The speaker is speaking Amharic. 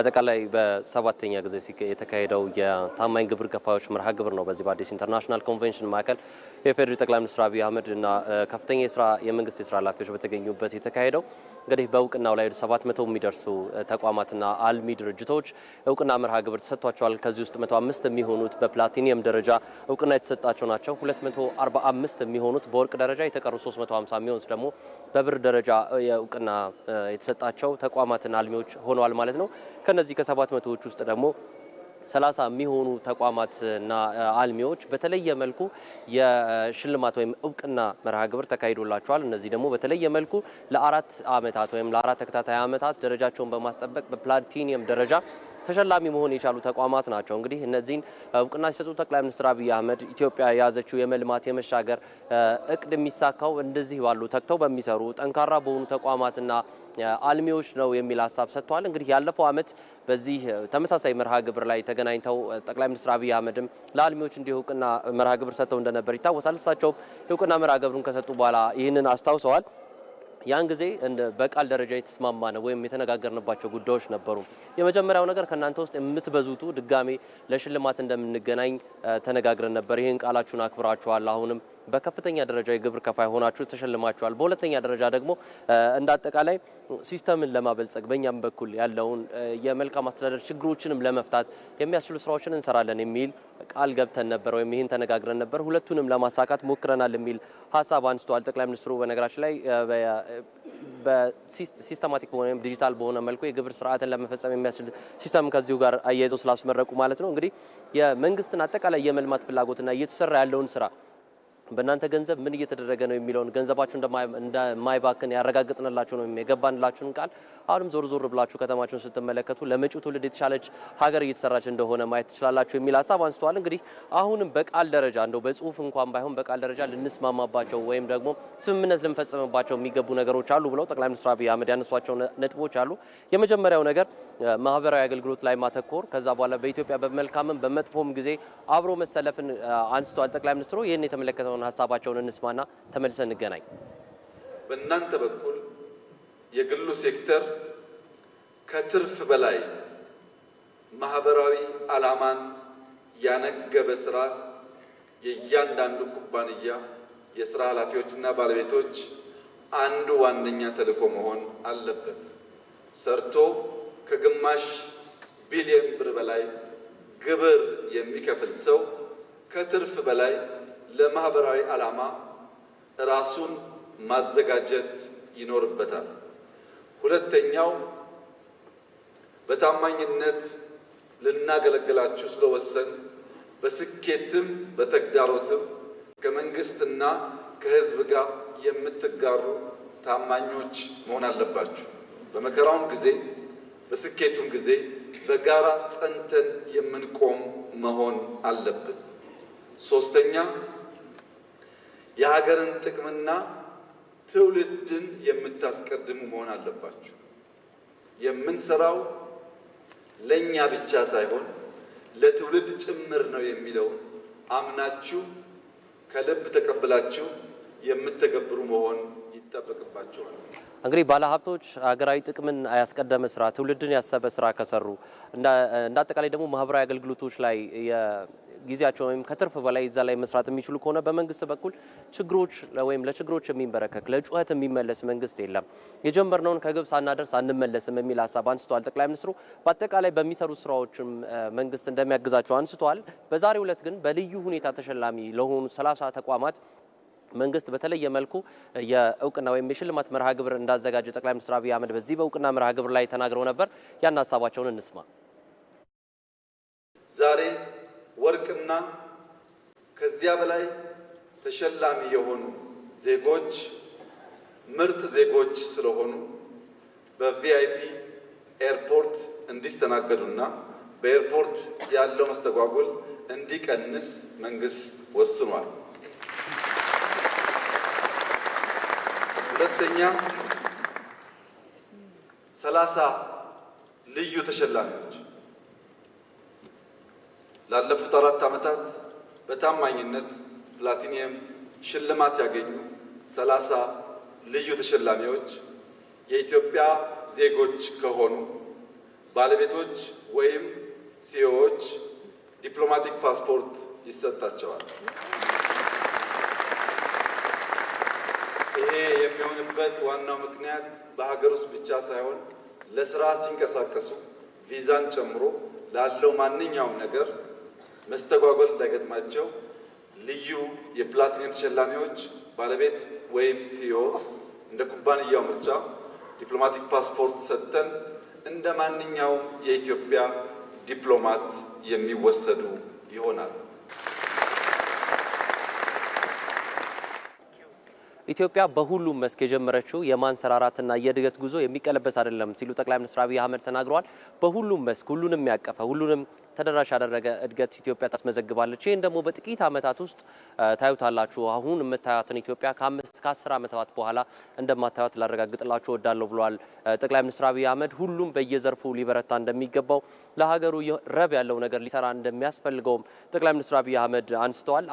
አጠቃላይ በሰባተኛ ጊዜ የተካሄደው የታማኝ ግብር ከፋዮች መርሃ ግብር ነው። በዚህ በአዲስ ኢንተርናሽናል ኮንቬንሽን ማዕከል የፌዴሪ ጠቅላይ ሚኒስትር አብይ አህመድ እና ከፍተኛ የስራ የመንግስት የስራ ኃላፊዎች በተገኙበት የተካሄደው እንግዲህ በእውቅናው ላይ 700 መቶ የሚደርሱ ተቋማትና አልሚ ድርጅቶች እውቅና መርሃ ግብር ተሰጥቷቸዋል። ከዚህ ውስጥ መቶ የሚሆኑት በፕላቲኒየም ደረጃ እውቅና የተሰጣቸው ናቸው። 245 የሚሆኑት በወርቅ ደረጃ የተቀሩ 350 የሚሆኑት ደግሞ በብር ደረጃ እውቅና የተሰጣቸው ተቋማትና አልሚዎች ሆነዋል ማለት ነው። ከነዚህ ከሰባት መቶዎች ውስጥ ደግሞ ሰላሳ የሚሆኑ ተቋማትና አልሚዎች በተለየ መልኩ የሽልማት ወይም እውቅና መርሃ ግብር ተካሂዶላቸዋል። እነዚህ ደግሞ በተለየ መልኩ ለአራት ዓመታት ወይም ለአራት ተከታታይ ዓመታት ደረጃቸውን በማስጠበቅ በፕላቲኒየም ደረጃ ተሸላሚ መሆን የቻሉ ተቋማት ናቸው። እንግዲህ እነዚህን እውቅና ሲሰጡ ጠቅላይ ሚኒስትር አብይ አህመድ ኢትዮጵያ የያዘችው የመልማት የመሻገር እቅድ የሚሳካው እንደዚህ ባሉ ተግተው በሚሰሩ ጠንካራ በሆኑ ተቋማትና አልሚዎች ነው የሚል ሀሳብ ሰጥተዋል። እንግዲህ ያለፈው ዓመት በዚህ ተመሳሳይ መርሃ ግብር ላይ ተገናኝተው ጠቅላይ ሚኒስትር አብይ አህመድም ለአልሚዎች እንዲህ እውቅና መርሃ ግብር ሰጥተው እንደነበር ይታወሳል። እሳቸውም የእውቅና መርሃ ግብሩን ከሰጡ በኋላ ይህንን አስታውሰዋል። ያን ጊዜ በቃል ደረጃ የተስማማ ነው ወይም የተነጋገርንባቸው ጉዳዮች ነበሩ። የመጀመሪያው ነገር ከእናንተ ውስጥ የምትበዙቱ ድጋሜ ለሽልማት እንደምንገናኝ ተነጋግረን ነበር። ይህን ቃላችሁን አክብራችኋል። አሁንም በከፍተኛ ደረጃ የግብር ከፋይ ሆናችሁ ተሸልማችኋል። በሁለተኛ ደረጃ ደግሞ እንደ አጠቃላይ ሲስተምን ለማበልጸግ በእኛም በኩል ያለውን የመልካም አስተዳደር ችግሮችንም ለመፍታት የሚያስችሉ ስራዎችን እንሰራለን የሚል ቃል ገብተን ነበር ወይም ይህን ተነጋግረን ነበር። ሁለቱንም ለማሳካት ሞክረናል የሚል ሀሳብ አንስተዋል ጠቅላይ ሚኒስትሩ። በነገራችን ላይ በሲስተማቲክ በሆነ ወይም ዲጂታል በሆነ መልኩ የግብር ስርዓትን ለመፈጸም የሚያስችል ሲስተም ከዚሁ ጋር አያይዘው ስላስመረቁ ማለት ነው። እንግዲህ የመንግስትን አጠቃላይ የመልማት ፍላጎትና እየተሰራ ያለውን ስራ በእናንተ ገንዘብ ምን እየተደረገ ነው የሚለውን ገንዘባችሁ እንደማይባክን ያረጋግጥንላችሁ ነው የገባንላችሁን ቃል አሁንም ዞር ዞር ብላችሁ ከተማችሁን ስትመለከቱ ለመጪው ትውልድ የተሻለች ሀገር እየተሰራች እንደሆነ ማየት ትችላላችሁ የሚል ሀሳብ አንስተዋል። እንግዲህ አሁንም በቃል ደረጃ እንደው በጽሁፍ እንኳን ባይሆን በቃል ደረጃ ልንስማማባቸው ወይም ደግሞ ስምምነት ልንፈጽምባቸው የሚገቡ ነገሮች አሉ ብለው ጠቅላይ ሚኒስትር አብይ አህመድ ያነሷቸው ነጥቦች አሉ። የመጀመሪያው ነገር ማህበራዊ አገልግሎት ላይ ማተኮር፣ ከዛ በኋላ በኢትዮጵያ በመልካምም በመጥፎም ጊዜ አብሮ መሰለፍን አንስተዋል ጠቅላይ ሚኒስትሩ ይህን የተመለከተው ያላቸውን ሀሳባቸውን እንስማና ተመልሰን እንገናኝ። በእናንተ በኩል የግሉ ሴክተር ከትርፍ በላይ ማህበራዊ ዓላማን ያነገበ ስራ የእያንዳንዱ ኩባንያ የስራ ኃላፊዎችና ባለቤቶች አንዱ ዋነኛ ተልኮ መሆን አለበት። ሰርቶ ከግማሽ ቢሊዮን ብር በላይ ግብር የሚከፍል ሰው ከትርፍ በላይ ለማህበራዊ ዓላማ ራሱን ማዘጋጀት ይኖርበታል። ሁለተኛው በታማኝነት ልናገለግላችሁ ስለወሰን በስኬትም በተግዳሮትም ከመንግስትና ከህዝብ ጋር የምትጋሩ ታማኞች መሆን አለባችሁ። በመከራውም ጊዜ በስኬቱም ጊዜ በጋራ ጸንተን የምንቆም መሆን አለብን። ሶስተኛ የሀገርን ጥቅምና ትውልድን የምታስቀድሙ መሆን አለባችሁ። የምንሰራው ለእኛ ብቻ ሳይሆን ለትውልድ ጭምር ነው የሚለውን አምናችሁ ከልብ ተቀብላችሁ የምትገብሩ መሆን ይጠበቅባቸዋል። እንግዲህ ባለሀብቶች ሀገራዊ ጥቅምን ያስቀደመ ስራ፣ ትውልድን ያሰበ ስራ ከሰሩ እንደ አጠቃላይ ደግሞ ማህበራዊ አገልግሎቶች ላይ ጊዜያቸው ወይም ከትርፍ በላይ እዛ ላይ መስራት የሚችሉ ከሆነ በመንግስት በኩል ችግሮች ወይም ለችግሮች የሚንበረከክ ለጩኸት የሚመለስ መንግስት የለም። የጀመርነውን ከግብ ሳናደርስ አንመለስም የሚል ሀሳብ አንስተዋል ጠቅላይ ሚኒስትሩ። በአጠቃላይ በሚሰሩ ስራዎችም መንግስት እንደሚያግዛቸው አንስተዋል። በዛሬው ዕለት ግን በልዩ ሁኔታ ተሸላሚ ለሆኑ ሰላሳ ተቋማት መንግስት በተለየ መልኩ የእውቅና ወይም የሽልማት መርሃ ግብር እንዳዘጋጀ ጠቅላይ ሚኒስትር አብይ አህመድ በዚህ በእውቅና መርሃ ግብር ላይ ተናግረው ነበር። ያን ሀሳባቸውን እንስማ። ወርቅና ከዚያ በላይ ተሸላሚ የሆኑ ዜጎች ምርጥ ዜጎች ስለሆኑ በቪአይፒ ኤርፖርት እንዲስተናገዱና በኤርፖርት ያለው መስተጓጉል እንዲቀንስ መንግስት ወስኗል። ሁለተኛ ሰላሳ ልዩ ተሸላሚዎች ላለፉት አራት ዓመታት በታማኝነት ፕላቲኒየም ሽልማት ያገኙ ሰላሳ ልዩ ተሸላሚዎች የኢትዮጵያ ዜጎች ከሆኑ ባለቤቶች ወይም ሲዮዎች ዲፕሎማቲክ ፓስፖርት ይሰጣቸዋል። ይሄ የሚሆንበት ዋናው ምክንያት በሀገር ውስጥ ብቻ ሳይሆን ለስራ ሲንቀሳቀሱ ቪዛን ጨምሮ ላለው ማንኛውም ነገር መስተጓጎል እንዳይገጥማቸው ልዩ የፕላቲኒየም ተሸላሚዎች ባለቤት ወይም ሲዮ እንደ ኩባንያው ምርጫ ዲፕሎማቲክ ፓስፖርት ሰጥተን እንደ ማንኛውም የኢትዮጵያ ዲፕሎማት የሚወሰዱ ይሆናል። ኢትዮጵያ በሁሉም መስክ የጀመረችው የማንሰራራትና የእድገት ጉዞ የሚቀለበስ አይደለም ሲሉ ጠቅላይ ሚኒስትር አብይ አህመድ ተናግረዋል። በሁሉም መስክ ሁሉንም ያቀፈ ሁሉንም ተደራሽ ያደረገ እድገት ኢትዮጵያ ታስመዘግባለች። ይህን ደግሞ በጥቂት ዓመታት ውስጥ ታዩታላችሁ። አሁን የምታያትን ኢትዮጵያ ከአምስት ከአስር ዓመታት በኋላ እንደማታዩት ላረጋግጥላችሁ እወዳለሁ ብለዋል ጠቅላይ ሚኒስትር አብይ አህመድ። ሁሉም በየዘርፉ ሊበረታ እንደሚገባው ለሀገሩ ረብ ያለው ነገር ሊሰራ እንደሚያስፈልገውም ጠቅላይ ሚኒስትር አብይ አህመድ አንስተዋል።